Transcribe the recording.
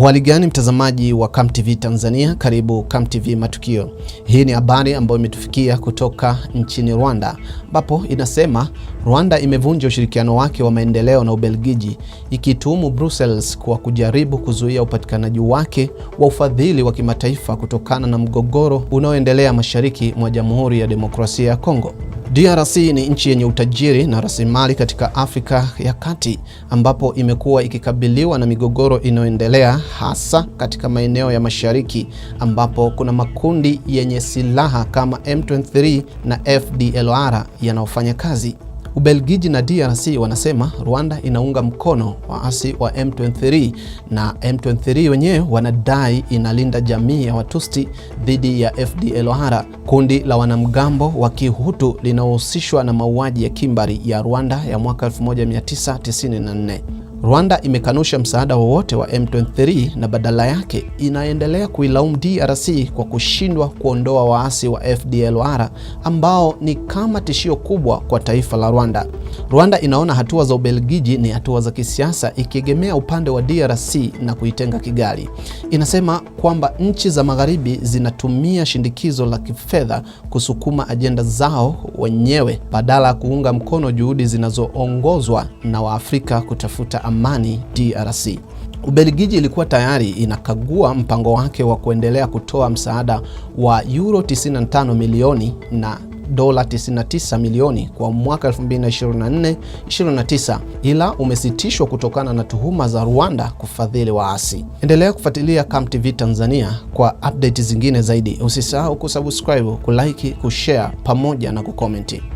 Hali gani mtazamaji wa Come TV Tanzania, karibu Come TV Matukio. Hii ni habari ambayo imetufikia kutoka nchini Rwanda, ambapo inasema Rwanda imevunja ushirikiano wake wa maendeleo na Ubelgiji, ikituhumu Brussels kwa kujaribu kuzuia upatikanaji wake wa ufadhili wa kimataifa kutokana na mgogoro unaoendelea mashariki mwa Jamhuri ya Demokrasia ya Kongo. DRC ni nchi yenye utajiri na rasilimali katika Afrika ya Kati ambapo imekuwa ikikabiliwa na migogoro inayoendelea hasa katika maeneo ya mashariki ambapo kuna makundi yenye silaha kama M23 na FDLR yanayofanya kazi. Ubelgiji na DRC wanasema Rwanda inaunga mkono waasi wa M23 na M23 wenyewe wanadai inalinda jamii ya Watusti dhidi ya FDLR, kundi la wanamgambo wa Kihutu linaohusishwa na mauaji ya kimbari ya Rwanda ya mwaka 1994. Rwanda imekanusha msaada wowote wa M23 na badala yake inaendelea kuilaumu DRC kwa kushindwa kuondoa waasi wa FDLR ambao ni kama tishio kubwa kwa taifa la Rwanda. Rwanda inaona hatua za Ubelgiji ni hatua za kisiasa, ikiegemea upande wa DRC na kuitenga Kigali. Inasema kwamba nchi za magharibi zinatumia shindikizo la kifedha kusukuma ajenda zao wenyewe badala ya kuunga mkono juhudi zinazoongozwa na Waafrika kutafuta amani DRC. Ubelgiji ilikuwa tayari inakagua mpango wake wa kuendelea kutoa msaada wa euro 95 milioni na dola 99 milioni kwa mwaka 2024 2029 ila umesitishwa kutokana na tuhuma za Rwanda kufadhili waasi. Endelea kufuatilia Come TV Tanzania kwa update zingine zaidi. Usisahau kusubscribe, kulike, kushare pamoja na kukomenti.